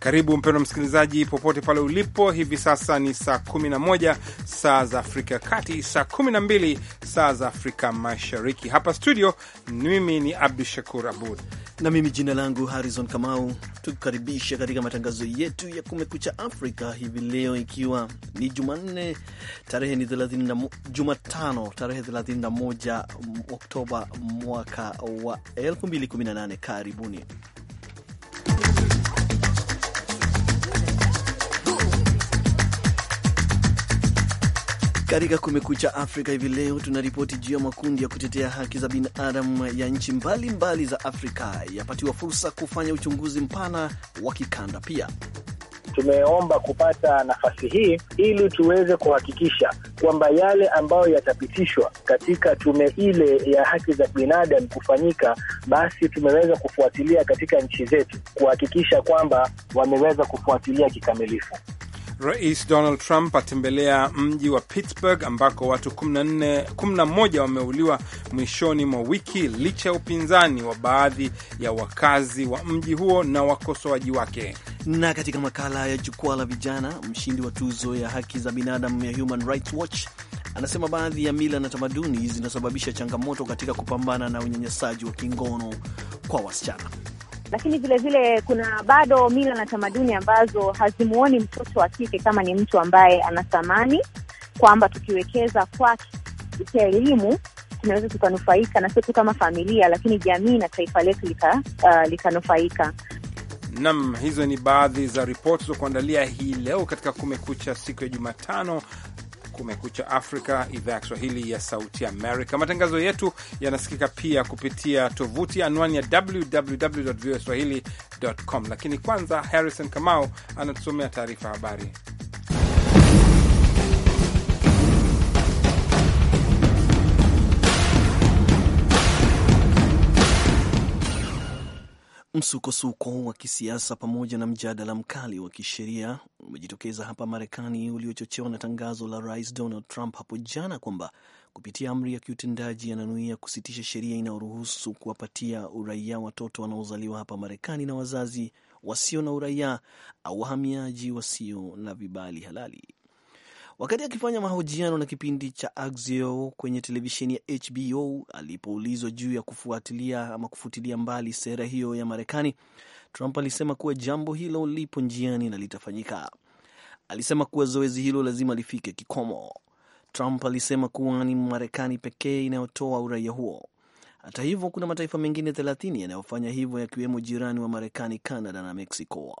Karibu mpendwa msikilizaji, popote pale ulipo. Hivi sasa ni saa 11 saa za Afrika ya Kati, saa 12 saa za Afrika Mashariki. Hapa studio mimi ni Abdu Shakur Abud na mimi jina langu Harrison Kamau, tukukaribisha katika matangazo yetu ya Kumekucha Afrika hivi leo, ikiwa ni Jumanne tarehe ni 30, Jumatano tarehe 31 Oktoba mwaka wa 2018. Karibuni. Katika Kumekucha Afrika hivi leo tunaripoti juu ya makundi ya kutetea haki za binadamu ya nchi mbalimbali za Afrika yapatiwa fursa kufanya uchunguzi mpana wa kikanda. Pia tumeomba kupata nafasi hii ili tuweze kuhakikisha kwamba yale ambayo yatapitishwa katika tume ile ya haki za binadamu kufanyika, basi tumeweza kufuatilia katika nchi zetu kuhakikisha kwamba wameweza kufuatilia kikamilifu. Rais Donald Trump atembelea mji wa Pittsburgh ambako watu 14, 11 wameuliwa mwishoni mwa wiki licha ya upinzani wa baadhi ya wakazi wa mji huo na wakosoaji wake. Na katika makala ya jukwaa la vijana, mshindi wa tuzo ya haki za binadamu ya Human Rights Watch anasema baadhi ya mila na tamaduni zinasababisha changamoto katika kupambana na unyanyasaji wa kingono kwa wasichana lakini vilevile kuna bado mila na tamaduni ambazo hazimuoni mtoto wa kike kama ni mtu ambaye ana thamani, kwamba tukiwekeza kwake kupitia elimu tunaweza tukanufaika na sio tu kama familia, lakini jamii na taifa letu uh, likanufaika. Uh, lika nam hizo ni baadhi za ripoti za kuandalia hii leo katika Kumekucha siku ya Jumatano, Kumekucha Afrika, idhaa ya Kiswahili ya Sauti Amerika. Matangazo yetu yanasikika pia kupitia tovuti anwani ya www voa swahili com. Lakini kwanza, Harrison Kamau anatusomea taarifa habari. Msukosuko wa kisiasa pamoja na mjadala mkali wa kisheria umejitokeza hapa Marekani uliochochewa na tangazo la Rais Donald Trump hapo jana kwamba kupitia amri ya kiutendaji yananuia kusitisha sheria inayoruhusu kuwapatia uraia watoto wanaozaliwa hapa Marekani na wazazi wasio na uraia au wahamiaji wasio na vibali halali wakati akifanya mahojiano na kipindi cha Axio kwenye televisheni ya HBO alipoulizwa juu ya kufuatilia ama kufutilia mbali sera hiyo ya Marekani, Trump alisema kuwa jambo hilo lipo njiani na litafanyika. Alisema kuwa zoezi hilo lazima lifike kikomo. Trump alisema kuwa ni Marekani pekee inayotoa uraia huo. Hata hivyo, kuna mataifa mengine 30 yanayofanya hivyo yakiwemo jirani wa Marekani, Canada na Mexico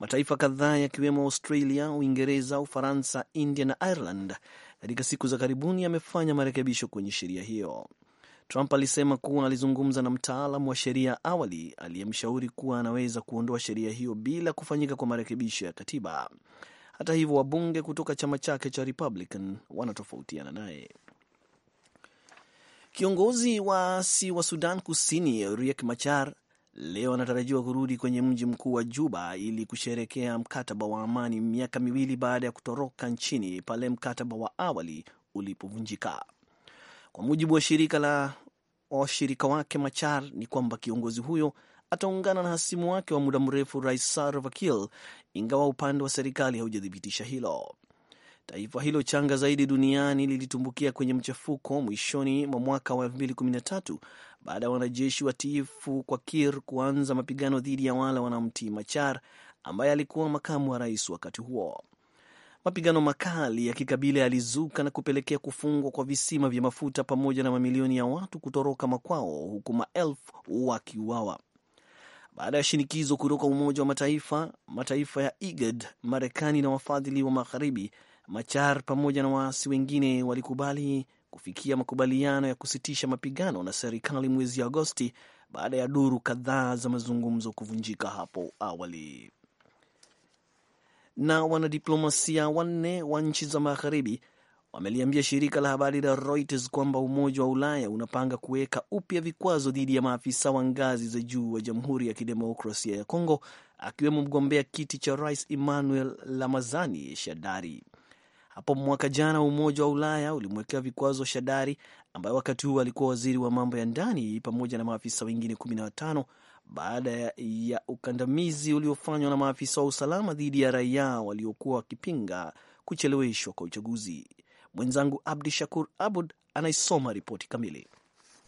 mataifa kadhaa yakiwemo Australia, Uingereza, Ufaransa, India na Ireland katika siku za karibuni yamefanya marekebisho kwenye sheria hiyo. Trump alisema kuwa alizungumza na mtaalam wa sheria awali aliyemshauri kuwa anaweza kuondoa sheria hiyo bila kufanyika kwa marekebisho ya katiba. Hata hivyo, wabunge kutoka chama chake cha Republican wanatofautiana naye. Kiongozi waasi wa Sudan Kusini Riek Machar leo anatarajiwa kurudi kwenye mji mkuu wa Juba ili kusherekea mkataba wa amani miaka miwili baada ya kutoroka nchini pale mkataba wa awali ulipovunjika. Kwa mujibu wa shirika la washirika wake Machar ni kwamba kiongozi huyo ataungana na hasimu wake wa muda mrefu Rais Salva Kiir, ingawa upande wa serikali haujathibitisha hilo. Taifa hilo changa zaidi duniani lilitumbukia kwenye mchafuko mwishoni mwa mwaka wa 2013 baada ya wanajeshi watiifu kwa Kir kuanza mapigano dhidi ya wale wanamti Machar ambaye alikuwa makamu wa rais wakati huo. Mapigano makali ya kikabila yalizuka na kupelekea kufungwa kwa visima vya mafuta pamoja na mamilioni ya watu kutoroka makwao huku maelfu wakiuawa. Baada ya shinikizo kutoka Umoja wa Mataifa, mataifa ya IGAD, Marekani na wafadhili wa magharibi Machar pamoja na waasi wengine walikubali kufikia makubaliano ya kusitisha mapigano na serikali mwezi Agosti baada ya duru kadhaa za mazungumzo kuvunjika hapo awali. Na wanadiplomasia wanne wa nchi za magharibi wameliambia shirika la habari la Reuters kwamba Umoja wa Ulaya unapanga kuweka upya vikwazo dhidi ya maafisa wa ngazi za juu wa Jamhuri ya Kidemokrasia ya Kongo, akiwemo mgombea kiti cha rais Emmanuel Ramazani Shadari. Hapo mwaka jana Umoja wa Ulaya ulimwekea vikwazo Shadari ambaye wakati huo alikuwa waziri wa mambo ya ndani pamoja na maafisa wengine kumi na watano baada ya ukandamizi uliofanywa na maafisa wa usalama dhidi ya raia waliokuwa wakipinga kucheleweshwa kwa uchaguzi. Mwenzangu Abdi Shakur Abud anaisoma ripoti kamili.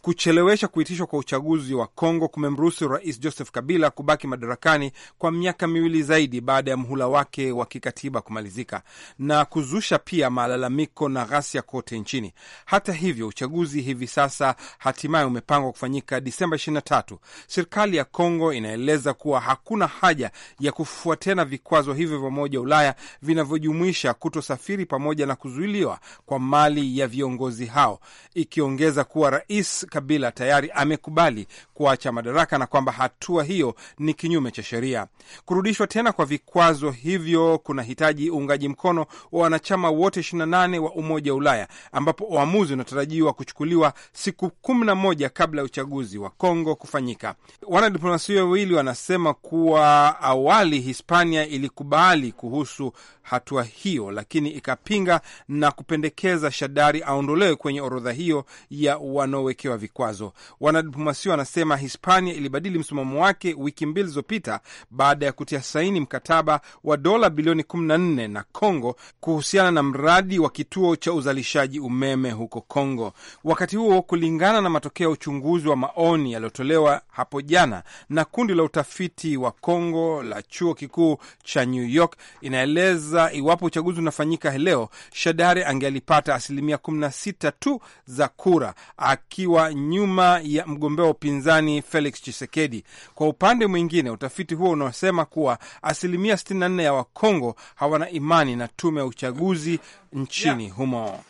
Kuchelewesha kuitishwa kwa uchaguzi wa Kongo kumemruhusu Rais Joseph Kabila kubaki madarakani kwa miaka miwili zaidi baada ya mhula wake wa kikatiba kumalizika na kuzusha pia malalamiko na ghasia kote nchini. Hata hivyo, uchaguzi hivi sasa hatimaye umepangwa kufanyika Disemba 23. Serikali ya Kongo inaeleza kuwa hakuna haja ya kufua tena vikwazo hivyo vya Umoja wa Ulaya vinavyojumuisha kutosafiri pamoja na kuzuiliwa kwa mali ya viongozi hao, ikiongeza kuwa rais Kabila tayari amekubali kuacha madaraka na kwamba hatua hiyo ni kinyume cha sheria. Kurudishwa tena kwa vikwazo hivyo kunahitaji uungaji mkono wa wanachama wote 28 wa Umoja wa Ulaya, ambapo uamuzi unatarajiwa kuchukuliwa siku 11 kabla ya uchaguzi wa Kongo kufanyika. Wanadiplomasia wawili wanasema kuwa awali Hispania ilikubali kuhusu hatua hiyo, lakini ikapinga na kupendekeza Shadari aondolewe kwenye orodha hiyo ya wanaowekewa vikwazo. Wanadiplomasia wanasema Hispania ilibadili msimamo wake wiki mbili zilizopita baada ya kutia saini mkataba wa dola bilioni 14 na congo kuhusiana na mradi wa kituo cha uzalishaji umeme huko congo Wakati huo, kulingana na matokeo ya uchunguzi wa maoni yaliyotolewa hapo jana na kundi la utafiti wa congo la chuo kikuu cha New York, inaeleza iwapo uchaguzi unafanyika leo, Shadare angealipata asilimia 16 tu za kura akiwa nyuma ya mgombea wa upinzani Felix Chisekedi. Kwa upande mwingine, utafiti huo unaosema kuwa asilimia 64 ya Wakongo hawana imani na tume ya uchaguzi nchini yeah, humo.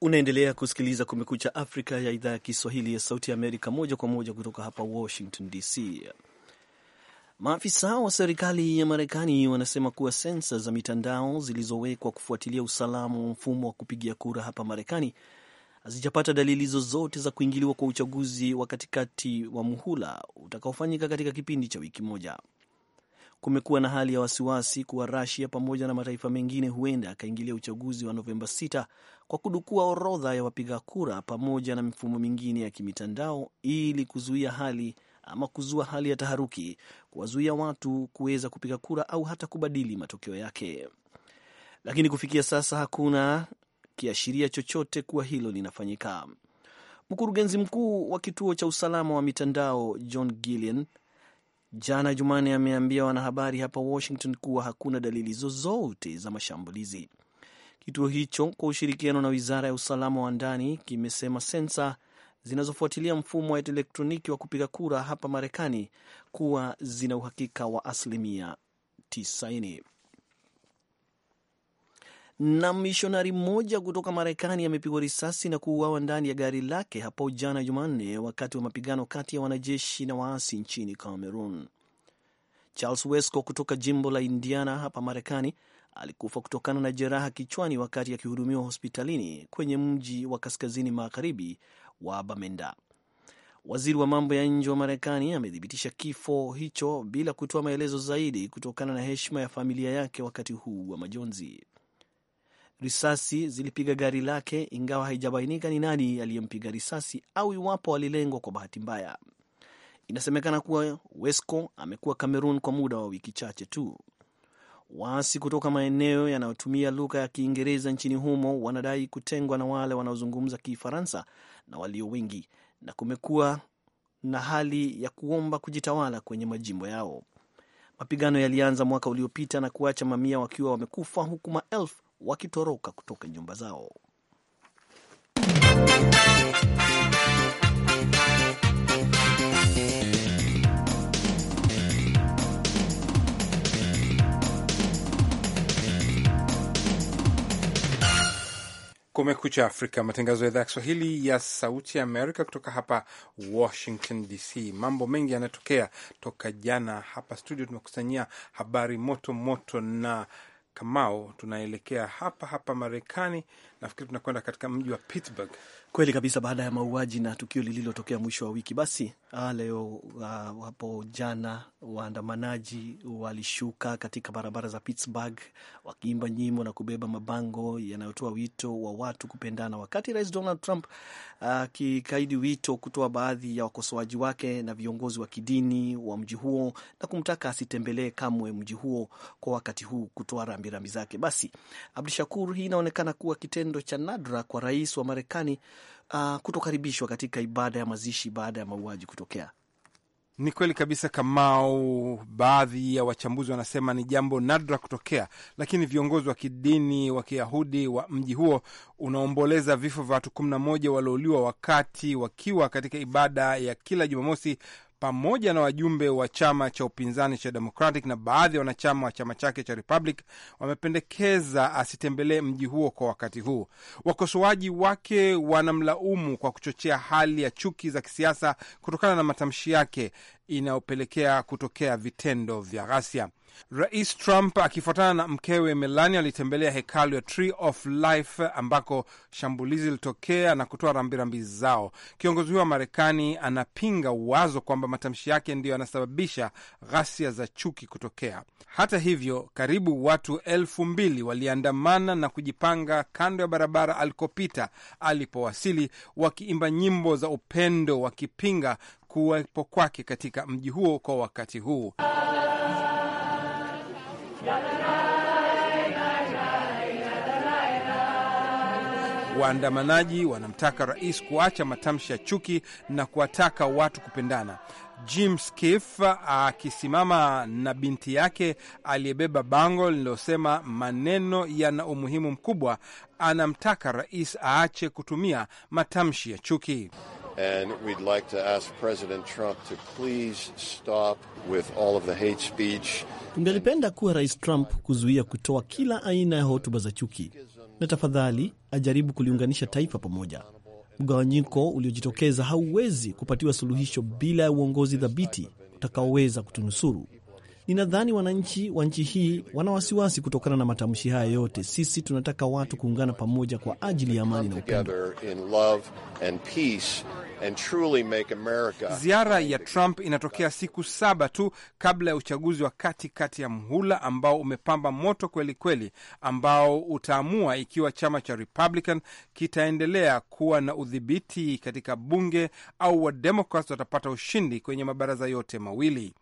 Unaendelea kusikiliza Kumekucha Afrika ya idhaa ya Kiswahili ya Sauti ya Amerika, moja kwa moja kutoka hapa Washington DC. Maafisa wa serikali ya Marekani wanasema kuwa sensa za mitandao zilizowekwa kufuatilia usalama wa mfumo wa kupigia kura hapa Marekani hazijapata dalili zozote za kuingiliwa kwa uchaguzi wa katikati wa muhula utakaofanyika katika kipindi cha wiki moja. Kumekuwa na hali ya wasiwasi kuwa Rasia pamoja na mataifa mengine huenda akaingilia uchaguzi wa Novemba 6 kwa kudukua orodha ya wapiga kura pamoja na mifumo mingine ya kimitandao ili kuzuia hali ama kuzua hali ya taharuki, kuwazuia watu kuweza kupiga kura au hata kubadili matokeo yake. Lakini kufikia sasa hakuna kiashiria chochote kuwa hilo linafanyika. Mkurugenzi mkuu wa kituo cha usalama wa mitandao John Gillian jana Jumanne ameambia wanahabari hapa Washington kuwa hakuna dalili zozote za mashambulizi. Kituo hicho kwa ushirikiano na wizara ya usalama wa ndani kimesema sensa zinazofuatilia mfumo wa elektroniki wa kupiga kura hapa Marekani kuwa zina uhakika wa asilimia 90. Na mishonari mmoja kutoka Marekani amepigwa risasi na kuuawa ndani ya gari lake hapo jana Jumanne, wakati wa mapigano kati ya wanajeshi na waasi nchini Cameroon. Charles Wesco kutoka jimbo la Indiana hapa Marekani alikufa kutokana na jeraha kichwani wakati akihudumiwa hospitalini kwenye mji wa kaskazini magharibi wa Bamenda. Waziri wa mambo ya nje wa Marekani amethibitisha kifo hicho bila kutoa maelezo zaidi kutokana na heshima ya familia yake wakati huu wa majonzi risasi zilipiga gari lake, ingawa haijabainika ni nani aliyempiga risasi au iwapo alilengwa kwa bahati mbaya. Inasemekana kuwa Wesco amekuwa Cameroon kwa muda wa wiki chache tu. Waasi kutoka maeneo yanayotumia lugha ya Kiingereza nchini humo wanadai kutengwa na wale wanaozungumza Kifaransa na walio wengi, na kumekuwa na hali ya kuomba kujitawala kwenye majimbo yao. Mapigano yalianza mwaka uliopita na kuacha mamia wakiwa wamekufa huku maelfu wakitoroka kutoka nyumba zao. Kumekucha Afrika, matangazo ya idhaa ya Kiswahili ya Sauti ya Amerika kutoka hapa Washington DC. Mambo mengi yanatokea toka jana. Hapa studio tumekusanyia habari moto moto na kamao tunaelekea hapa hapa Marekani. Nafikiri tunakwenda katika mji wa Pittsburgh. Kweli kabisa, baada ya mauaji na tukio lililotokea mwisho wa wiki, basi Ah, leo uh, jana waandamanaji walishuka katika barabara za Pittsburgh wakiimba nyimbo na kubeba mabango yanayotoa wito wa watu kupendana, wakati Rais Donald Trump ah, akikaidi uh, wito kutoa baadhi ya wakosoaji wake na viongozi wa kidini wa mji huo na kumtaka asitembelee kamwe mji huo kwa wakati huu kutoa rambirambi zake. Basi Abdu Shakur, hii inaonekana kuwa kitendo cha nadra kwa rais wa Marekani uh, kutokaribishwa katika ibada ya mazishi baada ya mauaji kutokea. Ni kweli kabisa, Kamau. Baadhi ya wachambuzi wanasema ni jambo nadra kutokea, lakini viongozi wa kidini wa Kiyahudi wa mji huo unaomboleza vifo vya watu 11 waliouliwa wakati wakiwa katika ibada ya kila Jumamosi pamoja na wajumbe wa chama cha upinzani cha Democratic na baadhi ya wanachama wa chama chake cha Republic wamependekeza asitembelee mji huo kwa wakati huu. Wakosoaji wake wanamlaumu kwa kuchochea hali ya chuki za kisiasa kutokana na matamshi yake inayopelekea kutokea vitendo vya ghasia. Rais Trump akifuatana na mkewe Melania alitembelea hekalu ya Tree of Life ambako shambulizi lilitokea na kutoa rambirambi zao. Kiongozi huyo wa Marekani anapinga wazo kwamba matamshi yake ndiyo yanasababisha ghasia za chuki kutokea. Hata hivyo, karibu watu elfu mbili waliandamana na kujipanga kando ya barabara alikopita alipowasili, wakiimba nyimbo za upendo, wakipinga kuwepo kwake katika mji huo kwa wakati huu. Waandamanaji wanamtaka rais kuacha matamshi ya chuki na kuwataka watu kupendana. Jim Skiff ah, akisimama na binti yake aliyebeba bango lililosema maneno yana umuhimu mkubwa, anamtaka rais aache kutumia matamshi ya chuki. And we'd like to ask President Trump to please stop with all of the hate speech. Tungelipenda kuwa Rais Trump kuzuia kutoa kila aina ya hotuba za chuki na tafadhali ajaribu kuliunganisha taifa pamoja. Mgawanyiko uliojitokeza hauwezi kupatiwa suluhisho bila ya uongozi dhabiti utakaoweza kutunusuru. Ninadhani wananchi wa nchi hii wana wasiwasi kutokana na matamshi haya yote. Sisi tunataka watu kuungana pamoja kwa ajili ya amani na upendo and truly make America. Ziara ya Trump inatokea siku saba tu kabla ya uchaguzi wa kati kati ya mhula ambao umepamba moto kweli kweli, ambao utaamua ikiwa chama cha Republican kitaendelea kuwa na udhibiti katika bunge au Wademokrat watapata ushindi kwenye mabaraza yote mawili.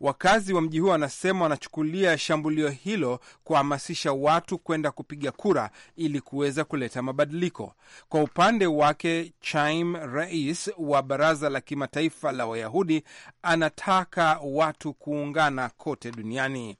Wakazi wa mji huo wanasema wanachukulia shambulio hilo kuhamasisha watu kwenda kupiga kura ili kuweza kuleta mabadiliko. Kwa upande wake, Chaim, rais wa Baraza la Kimataifa la Wayahudi, anataka watu kuungana kote duniani.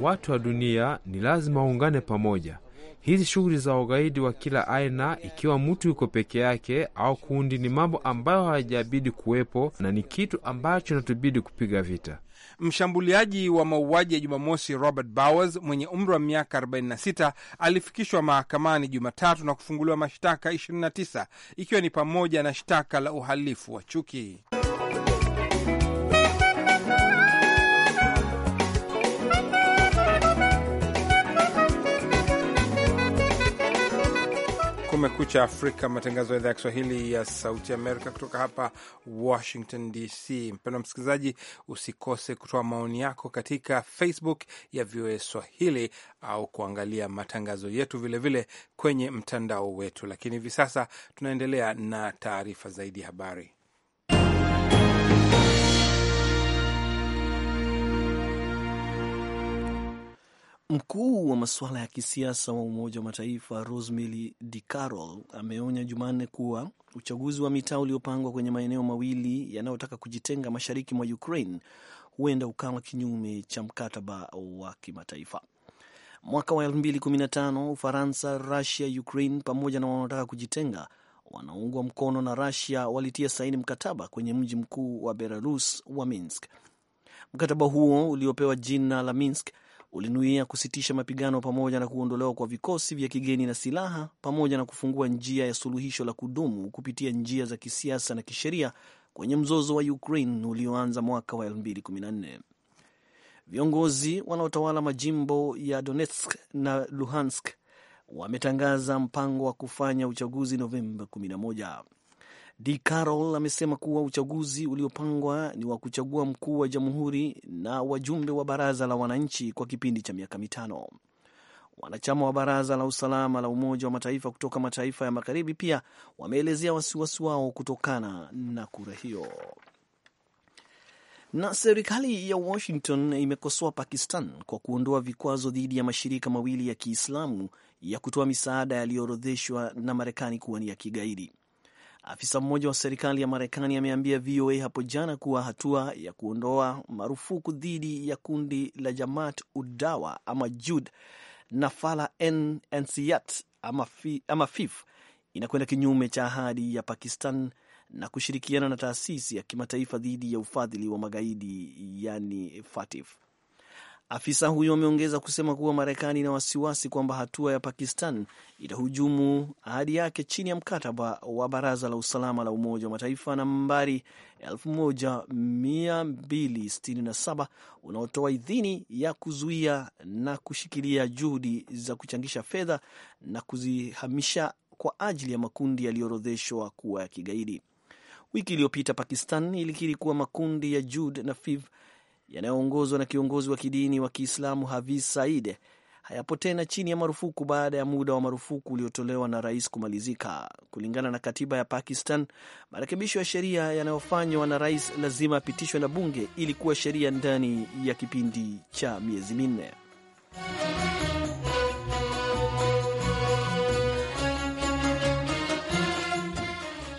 Watu wa dunia ni lazima waungane pamoja Hizi shughuli za ugaidi wa kila aina, ikiwa mtu yuko peke yake au kundi, ni mambo ambayo hayajabidi kuwepo na ni kitu ambacho inatubidi kupiga vita. Mshambuliaji wa mauaji ya Jumamosi Robert Bowers mwenye umri wa miaka 46 alifikishwa mahakamani Jumatatu na kufunguliwa mashtaka 29 ikiwa ni pamoja na shtaka la uhalifu wa chuki. Kumekucha Afrika, matangazo ya idhaa ya Kiswahili ya Sauti Amerika kutoka hapa Washington DC. Mpendwa msikilizaji, usikose kutoa maoni yako katika Facebook ya VOA Swahili au kuangalia matangazo yetu vilevile vile kwenye mtandao wetu. Lakini hivi sasa tunaendelea na taarifa zaidi ya habari. Mkuu wa masuala ya kisiasa wa Umoja wa Mataifa Rosemary DiCarlo ameonya Jumanne kuwa uchaguzi wa mitaa uliopangwa kwenye maeneo mawili yanayotaka kujitenga mashariki mwa Ukraine huenda ukawa kinyume cha mkataba wa kimataifa. Mwaka wa 2015 Ufaransa, Rusia, Ukraine pamoja na wanaotaka kujitenga wanaungwa mkono na Rusia walitia saini mkataba kwenye mji mkuu wa Belarus wa Minsk. Mkataba huo uliopewa jina la Minsk ulinuia kusitisha mapigano pamoja na kuondolewa kwa vikosi vya kigeni na silaha pamoja na kufungua njia ya suluhisho la kudumu kupitia njia za kisiasa na kisheria kwenye mzozo wa Ukraine ulioanza mwaka wa 2014. Viongozi wanaotawala majimbo ya Donetsk na Luhansk wametangaza mpango wa kufanya uchaguzi Novemba D amesema kuwa uchaguzi uliopangwa ni wa kuchagua mkuu wa jamhuri na wajumbe wa baraza la wananchi kwa kipindi cha miaka mitano. Wanachama wa baraza la usalama la Umoja wa Mataifa kutoka mataifa ya magharibi pia wameelezea wasiwasi wao kutokana na kura hiyo. Na serikali ya Washington imekosoa Pakistan kwa kuondoa vikwazo dhidi ya mashirika mawili ya Kiislamu ya kutoa misaada yaliyoorodheshwa na Marekani kuwa ni ya kigaidi. Afisa mmoja wa serikali ya Marekani ameambia VOA hapo jana kuwa hatua ya kuondoa marufuku dhidi ya kundi la Jamaat Udawa ama JUD na Fala Nciyat ama, fi, ama FIF inakwenda kinyume cha ahadi ya Pakistan na kushirikiana na taasisi ya kimataifa dhidi ya ufadhili wa magaidi yani FATF. Afisa huyo ameongeza kusema kuwa Marekani ina wasiwasi kwamba hatua ya Pakistan itahujumu ahadi yake chini ya mkataba wa Baraza la Usalama la Umoja wa Mataifa nambari 1267 unaotoa idhini ya kuzuia na kushikilia juhudi za kuchangisha fedha na kuzihamisha kwa ajili ya makundi yaliyoorodheshwa kuwa ya kigaidi. Wiki iliyopita Pakistan ilikiri kuwa makundi ya Jud na Fiv yanayoongozwa na kiongozi wa kidini wa Kiislamu Hafiz Said hayapo tena chini ya marufuku baada ya muda wa marufuku uliotolewa na rais kumalizika. Kulingana na katiba ya Pakistan, marekebisho ya sheria yanayofanywa na rais lazima yapitishwe na bunge ili kuwa sheria ndani ya kipindi cha miezi minne.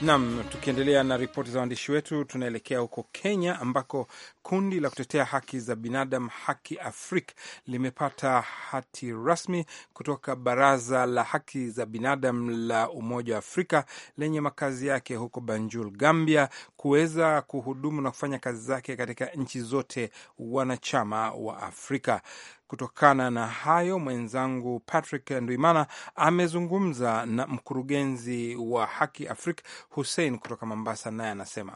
Nam, tukiendelea na ripoti za waandishi wetu, tunaelekea huko Kenya ambako kundi la kutetea haki za binadam Haki Afrika limepata hati rasmi kutoka Baraza la Haki za binadam la Umoja wa Afrika lenye makazi yake huko Banjul, Gambia, kuweza kuhudumu na kufanya kazi zake katika nchi zote wanachama wa Afrika. Kutokana na hayo, mwenzangu Patrick Ndwimana amezungumza na mkurugenzi wa Haki Afrika Hussein kutoka Mombasa, naye anasema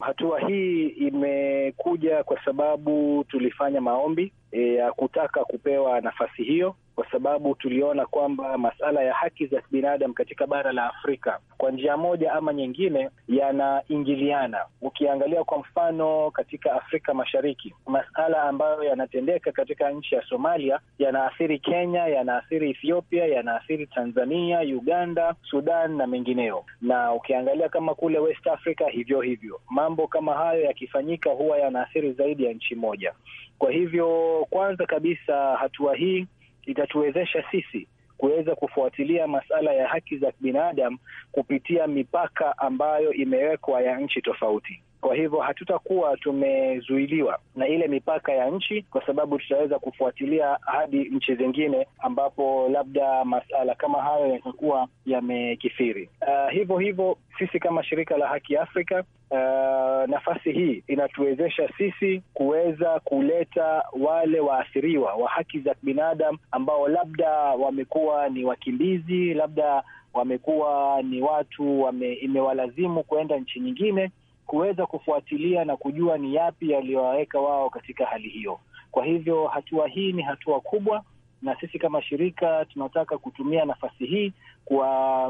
hatua hii imekuja kwa sababu tulifanya maombi eh, ya e, kutaka kupewa nafasi hiyo kwa sababu tuliona kwamba masala ya haki za binadamu katika bara la Afrika kwa njia moja ama nyingine yanaingiliana. Ukiangalia kwa mfano katika Afrika Mashariki, masala ambayo yanatendeka katika nchi ya Somalia yanaathiri Kenya, yanaathiri Ethiopia, yanaathiri Tanzania, Uganda, Sudan na mengineo. Na ukiangalia kama kule West Africa hivyo hivyo, mambo kama hayo yakifanyika huwa yanaathiri zaidi ya nchi moja. Kwa hivyo, kwanza kabisa hatua hii itatuwezesha sisi kuweza kufuatilia masala ya haki za binadamu kupitia mipaka ambayo imewekwa ya nchi tofauti. Kwa hivyo hatutakuwa tumezuiliwa na ile mipaka ya nchi, kwa sababu tutaweza kufuatilia hadi nchi zingine ambapo labda masala kama hayo yatakuwa yamekithiri. Uh, hivyo hivyo sisi kama shirika la Haki Afrika Uh, nafasi hii inatuwezesha sisi kuweza kuleta wale waathiriwa wa haki za binadamu ambao labda wamekuwa ni wakimbizi, labda wamekuwa ni watu wame, imewalazimu kuenda nchi nyingine, kuweza kufuatilia na kujua ni yapi yaliyowaweka wao katika hali hiyo. Kwa hivyo hatua hii ni hatua kubwa, na sisi kama shirika tunataka kutumia nafasi hii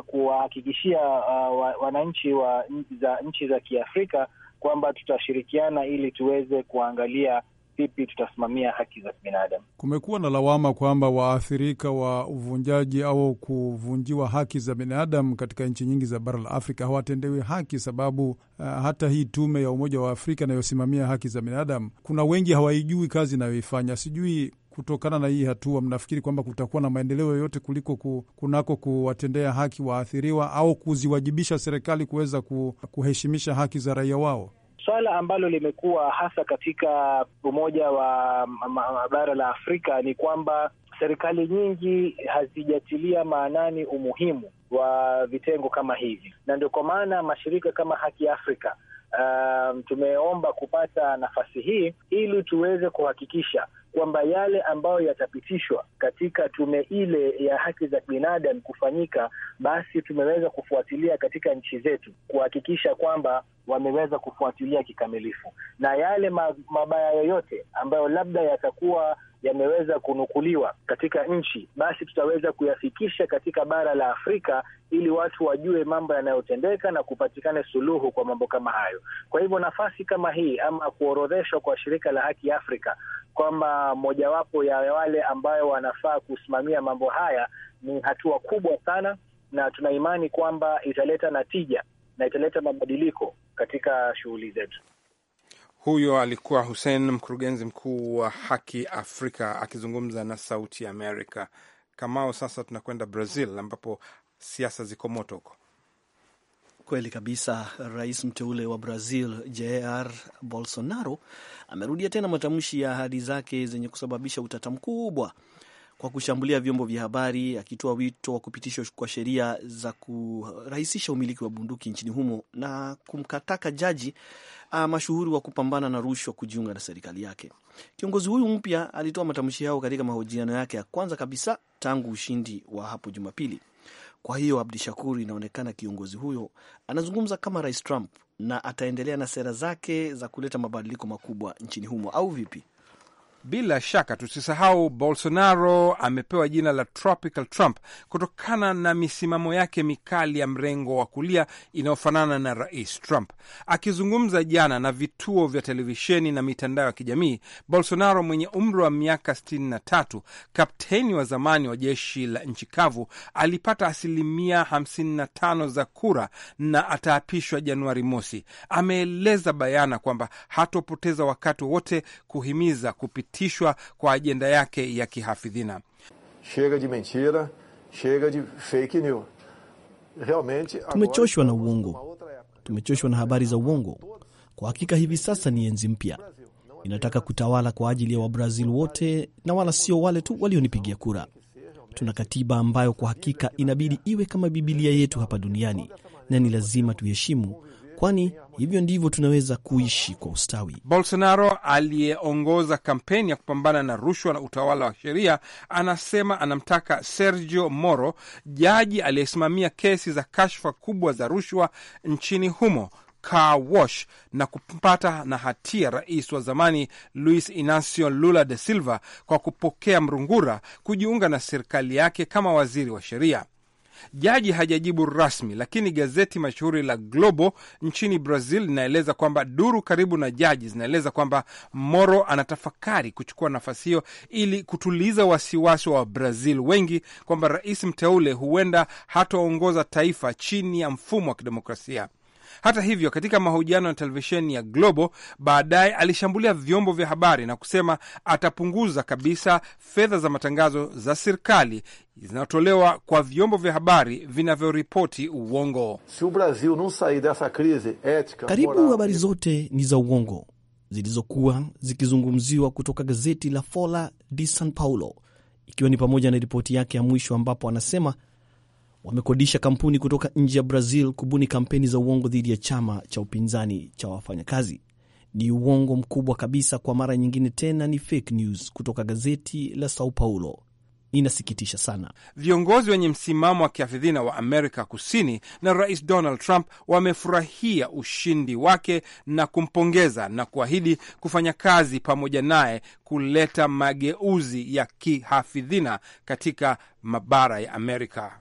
kuwahakikishia uh, wananchi wa za nchi za Kiafrika kwamba tutashirikiana ili tuweze kuangalia vipi tutasimamia haki za kibinadamu. Kumekuwa na lawama kwamba waathirika wa uvunjaji au kuvunjiwa haki za binadamu katika nchi nyingi za bara la Afrika hawatendewi haki, sababu uh, hata hii tume ya Umoja wa Afrika inayosimamia haki za binadamu kuna wengi hawaijui kazi inayoifanya. Sijui kutokana na hii hatua, mnafikiri kwamba kutakuwa na maendeleo yoyote kuliko ku, kunako kuwatendea haki waathiriwa au kuziwajibisha serikali kuweza kuheshimisha haki za raia wao? Swala ambalo limekuwa hasa katika Umoja wa Bara la Afrika ni kwamba serikali nyingi hazijatilia maanani umuhimu wa vitengo kama hivi, na ndio kwa maana mashirika kama Haki Afrika um, tumeomba kupata nafasi hii ili tuweze kuhakikisha kwamba yale ambayo yatapitishwa katika tume ile ya haki za binadamu kufanyika, basi tumeweza kufuatilia katika nchi zetu kuhakikisha kwamba wameweza kufuatilia kikamilifu, na yale mabaya yoyote ambayo labda yatakuwa yameweza kunukuliwa katika nchi, basi tutaweza kuyafikisha katika bara la Afrika ili watu wajue mambo yanayotendeka na kupatikane suluhu kwa mambo kama hayo. Kwa hivyo nafasi kama hii ama kuorodheshwa kwa shirika la haki Afrika kwamba mojawapo ya wale ambayo wanafaa kusimamia mambo haya ni hatua kubwa sana, na tunaimani kwamba italeta natija na italeta mabadiliko katika shughuli zetu. Huyo alikuwa Hussein, mkurugenzi mkuu wa Haki Afrika akizungumza na Sauti ya Amerika. Kamao, sasa tunakwenda Brazil ambapo siasa ziko moto huko. Kweli kabisa. Rais mteule wa Brazil Jair Bolsonaro amerudia tena matamshi ya ahadi zake zenye kusababisha utata mkubwa kwa kushambulia vyombo vya habari, akitoa wito wa kupitishwa kwa sheria za kurahisisha umiliki wa bunduki nchini humo na kumkataka jaji ah, mashuhuri wa kupambana na rushwa kujiunga na serikali yake. Kiongozi huyu mpya alitoa matamshi yao katika mahojiano yake ya kwanza kabisa tangu ushindi wa hapo Jumapili. Kwa hiyo Abdi Shakur, inaonekana kiongozi huyo anazungumza kama Rais Trump na ataendelea na sera zake za kuleta mabadiliko makubwa nchini humo, au vipi? Bila shaka tusisahau, Bolsonaro amepewa jina la Tropical Trump kutokana na misimamo yake mikali ya mrengo wa kulia inayofanana na Rais Trump. Akizungumza jana na vituo vya televisheni na mitandao ya kijamii, Bolsonaro mwenye umri wa miaka 63, kapteni wa zamani wa jeshi la nchi kavu, alipata asilimia 55 za kura na ataapishwa Januari mosi. Ameeleza bayana kwamba hatopoteza wakati wowote kuhimiza kupita kupitishwa kwa ajenda yake ya kihafidhina. Chega de mentira, chega de fake news. Realmente tumechoshwa na uongo, tumechoshwa na habari za uongo. Kwa hakika hivi sasa ni enzi mpya inataka kutawala kwa ajili ya Wabrazil wote na wala sio wale tu walionipigia kura. Tuna katiba ambayo kwa hakika inabidi iwe kama Bibilia yetu hapa duniani na ni lazima tuheshimu, kwani hivyo ndivyo tunaweza kuishi kwa ustawi. Bolsonaro aliyeongoza kampeni ya kupambana na rushwa na utawala wa sheria anasema anamtaka Sergio Moro, jaji aliyesimamia kesi za kashfa kubwa za rushwa nchini humo Car wash na kupata na hatia rais wa zamani Luis Inacio Lula de Silva kwa kupokea mrungura kujiunga na serikali yake kama waziri wa sheria. Jaji hajajibu rasmi, lakini gazeti mashuhuri la Globo nchini Brazil linaeleza kwamba duru karibu na jaji zinaeleza kwamba Moro anatafakari kuchukua nafasi hiyo ili kutuliza wasiwasi wa Brazil wengi kwamba rais mteule huenda hatoongoza taifa chini ya mfumo wa kidemokrasia. Hata hivyo, katika mahojiano ya televisheni ya Globo baadaye alishambulia vyombo vya habari na kusema atapunguza kabisa fedha za matangazo za serikali zinatolewa kwa vyombo vya habari vinavyoripoti uongo. Karibu habari zote ni za uongo zilizokuwa zikizungumziwa kutoka gazeti la Folha de San Paulo, ikiwa ni pamoja na ripoti yake ya mwisho ambapo anasema wamekodisha kampuni kutoka nje ya Brazil kubuni kampeni za uongo dhidi ya chama cha upinzani cha wafanyakazi. Ni uongo mkubwa kabisa, kwa mara nyingine tena ni fake news kutoka gazeti la Sao Paulo. Inasikitisha sana. Viongozi wenye msimamo wa kiafidhina wa Amerika Kusini na Rais Donald Trump wamefurahia ushindi wake na kumpongeza na kuahidi kufanya kazi pamoja naye kuleta mageuzi ya kihafidhina katika mabara ya Amerika.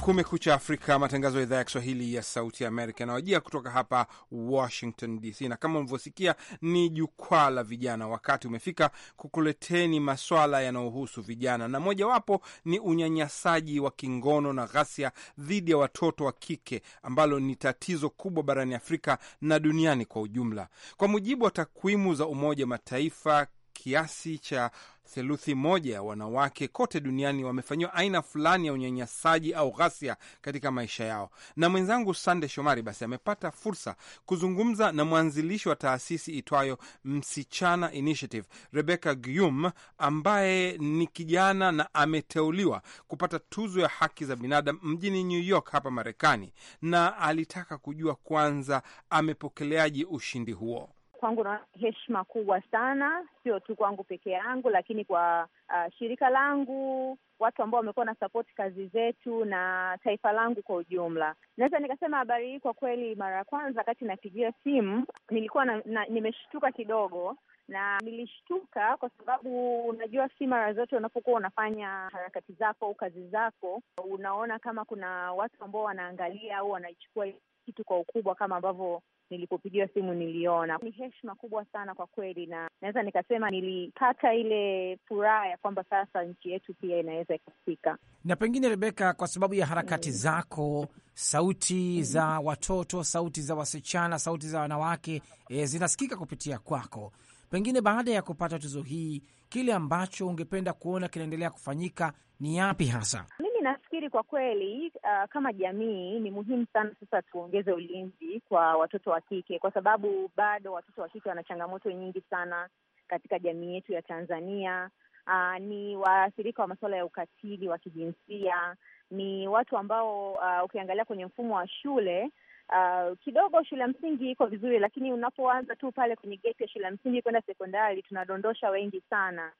Kumekucha Afrika, matangazo ya idhaa ya Kiswahili ya Sauti ya Amerika yanawajia kutoka hapa Washington DC, na kama mlivyosikia ni jukwaa la vijana. Wakati umefika kukuleteni maswala yanayohusu vijana, na mojawapo ni unyanyasaji wa kingono na ghasia dhidi ya watoto wa kike, ambalo ni tatizo kubwa barani Afrika na duniani kwa ujumla. Kwa mujibu wa takwimu za Umoja Mataifa, kiasi cha theluthi moja ya wanawake kote duniani wamefanyiwa aina fulani ya unyanyasaji au ghasia katika maisha yao. Na mwenzangu Sande Shomari basi amepata fursa kuzungumza na mwanzilishi wa taasisi itwayo Msichana Initiative, Rebecca Guillaume, ambaye ni kijana na ameteuliwa kupata tuzo ya haki za binadamu mjini New York hapa Marekani, na alitaka kujua kwanza amepokeleaje ushindi huo kwangu na heshima kubwa sana, sio tu kwangu peke yangu, lakini kwa uh, shirika langu, watu ambao wamekuwa na sapoti kazi zetu na taifa langu kwa ujumla. Naweza nikasema habari hii kwa kweli, mara ya kwanza wakati napigia simu nilikuwa na, na, nimeshtuka kidogo na nilishtuka kwa sababu unajua, si mara zote unapokuwa unafanya harakati zako au kazi zako unaona kama kuna watu ambao wanaangalia au wanaichukua kitu kwa ukubwa kama ambavyo nilipopigiwa simu niliona. Ni heshima kubwa sana kwa kweli, na naweza nikasema nilipata ile furaha ya kwamba sasa nchi yetu pia inaweza ikafika. Na pengine, Rebeka, kwa sababu ya harakati mm. zako, sauti mm. za watoto, sauti za wasichana, sauti za wanawake e, zinasikika kupitia kwako. Pengine baada ya kupata tuzo hii, kile ambacho ungependa kuona kinaendelea kufanyika ni yapi hasa? mimi nafikiri kwa kweli uh, kama jamii ni muhimu sana sasa tuongeze ulinzi kwa watoto wa kike, kwa sababu bado watoto wa kike wana changamoto nyingi sana katika jamii yetu ya Tanzania. Uh, ni waathirika wa masuala ya ukatili wa kijinsia, ni watu ambao uh, ukiangalia kwenye mfumo wa shule Uh, kidogo shule ya msingi iko vizuri, lakini unapoanza tu pale kwenye geti ya shule ya msingi kwenda sekondari tunadondosha wengi sana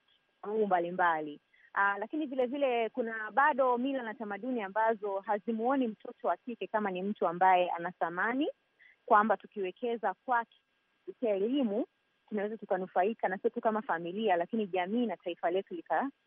sababu mbalimbali. Aa, ah, lakini vile vile kuna bado mila na tamaduni ambazo hazimuoni mtoto wa kike kama ni mtu ambaye ana thamani, kwamba tukiwekeza kwake kupitia elimu tunaweza tukanufaika na sio tu kama familia, lakini jamii na taifa letu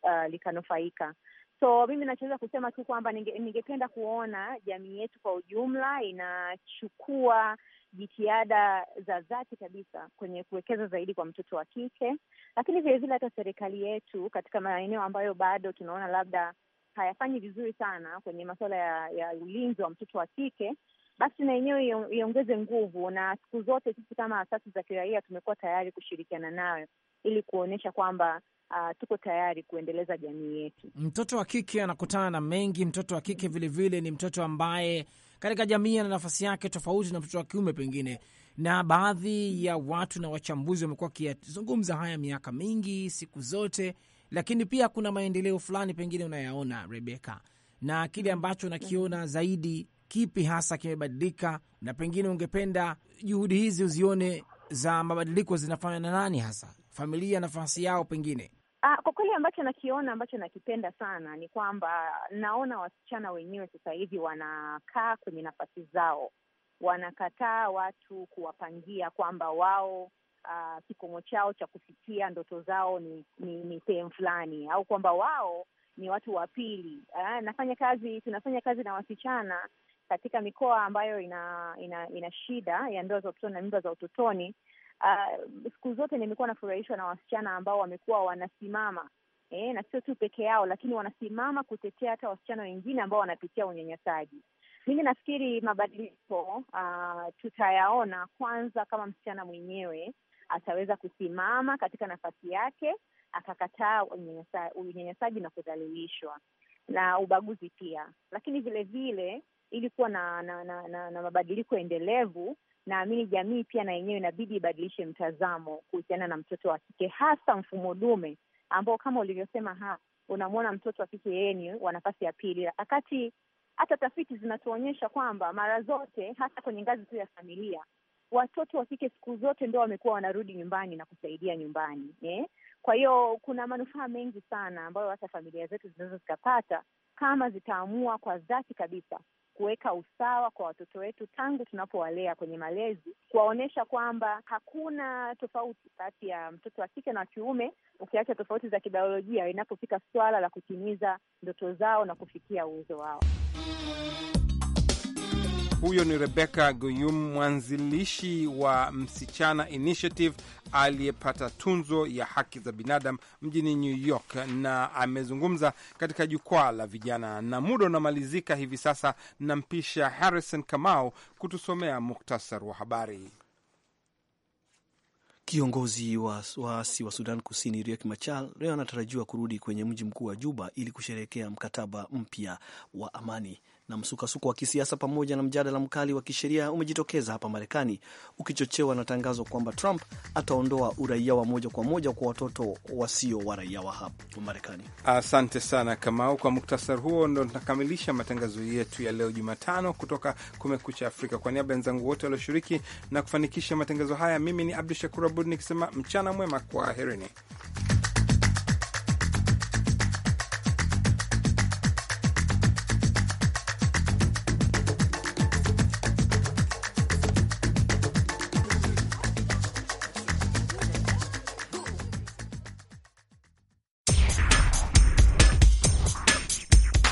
ah, likanufaika. Uh, lika so mimi nachoweza kusema tu kwamba ninge, ningependa kuona jamii yetu kwa ujumla inachukua jitihada za dhati kabisa kwenye kuwekeza zaidi kwa mtoto wa kike, lakini vilevile hata serikali yetu katika maeneo ambayo bado tunaona labda hayafanyi vizuri sana kwenye masuala ya, ya ulinzi wa mtoto wa kike, basi na yenyewe iongeze nguvu, na siku zote sisi kama asasi za kiraia tumekuwa tayari kushirikiana nayo ili kuonyesha kwamba Uh, tuko tayari kuendeleza jamii yetu. Mtoto wa kike anakutana na mengi. Mtoto wa kike vilevile ni mtoto ambaye katika jamii ana nafasi yake tofauti na mtoto wa kiume pengine, na baadhi ya watu na wachambuzi wamekuwa wakizungumza haya miaka mingi, siku zote, lakini pia kuna maendeleo fulani pengine unayaona Rebeka, na kile ambacho unakiona zaidi, kipi hasa kimebadilika, na pengine ungependa juhudi hizi uzione za mabadiliko zinafanya na nani hasa, familia nafasi yao pengine Ah, kwa kweli ambacho nakiona ambacho nakipenda sana ni kwamba naona wasichana wenyewe sasa hivi wanakaa kwenye nafasi zao, wanakataa watu kuwapangia kwamba wao ah, kikomo chao cha kufikia ndoto zao ni ni, ni sehemu fulani au kwamba wao ni watu wa pili. Ah, nafanya kazi tunafanya kazi na wasichana katika mikoa ambayo ina ina, ina shida ya ndoa za utotoni na mimba za utotoni uh, siku zote nimekuwa nafurahishwa na wasichana ambao wamekuwa wanasimama eh, na sio tu peke yao, lakini wanasimama kutetea hata wasichana wengine ambao wanapitia unyanyasaji. Mimi nafikiri mabadiliko uh, tutayaona kwanza kama msichana mwenyewe ataweza kusimama katika nafasi yake akakataa unyanyasaji na kudhalilishwa na ubaguzi pia. Lakini vilevile ili kuwa na na, na, na na mabadiliko endelevu naamini jamii pia na yenyewe inabidi ibadilishe mtazamo kuhusiana na mtoto wa kike, hasa mfumo dume ambao kama ulivyosema ha unamwona mtoto wa kike yeye ni wa nafasi ya pili, wakati hata tafiti zinatuonyesha kwamba mara zote, hasa kwenye ngazi tu ya familia, watoto wa kike siku zote ndo wamekuwa wanarudi nyumbani na kusaidia nyumbani eh? Kwa hiyo kuna manufaa mengi sana ambayo hata familia zetu zinaweza zikapata kama zitaamua kwa dhati kabisa kuweka usawa kwa watoto wetu tangu tunapowalea kwenye malezi, kuwaonyesha kwamba hakuna tofauti kati ya mtoto wa kike na wa kiume, ukiacha tofauti za kibiolojia, inapofika swala la kutimiza ndoto zao na kufikia uwezo wao. Huyo ni Rebecca Goyum, mwanzilishi wa Msichana Initiative aliyepata tunzo ya haki za binadamu mjini New York, na amezungumza katika jukwaa la vijana. Na muda unamalizika hivi sasa, nampisha Harrison Kamau kutusomea muktasar wa habari. Kiongozi wa waasi wa Sudan Kusini Riek Machar leo anatarajiwa kurudi kwenye mji mkuu wa Juba ili kusherehekea mkataba mpya wa amani na msukasuko wa kisiasa pamoja na mjadala mkali wa kisheria umejitokeza hapa Marekani, ukichochewa na tangazo kwamba Trump ataondoa uraia wa moja kwa moja kwa watoto wasio wa raia wa hapa Marekani. Asante sana Kamau. Kwa muktasar huo, ndo tunakamilisha matangazo yetu ya leo Jumatano kutoka Kumekucha Afrika. Kwa niaba ya wenzangu wote walioshiriki na kufanikisha matangazo haya, mimi ni Abdu Shakur Abud nikisema mchana mwema, herini.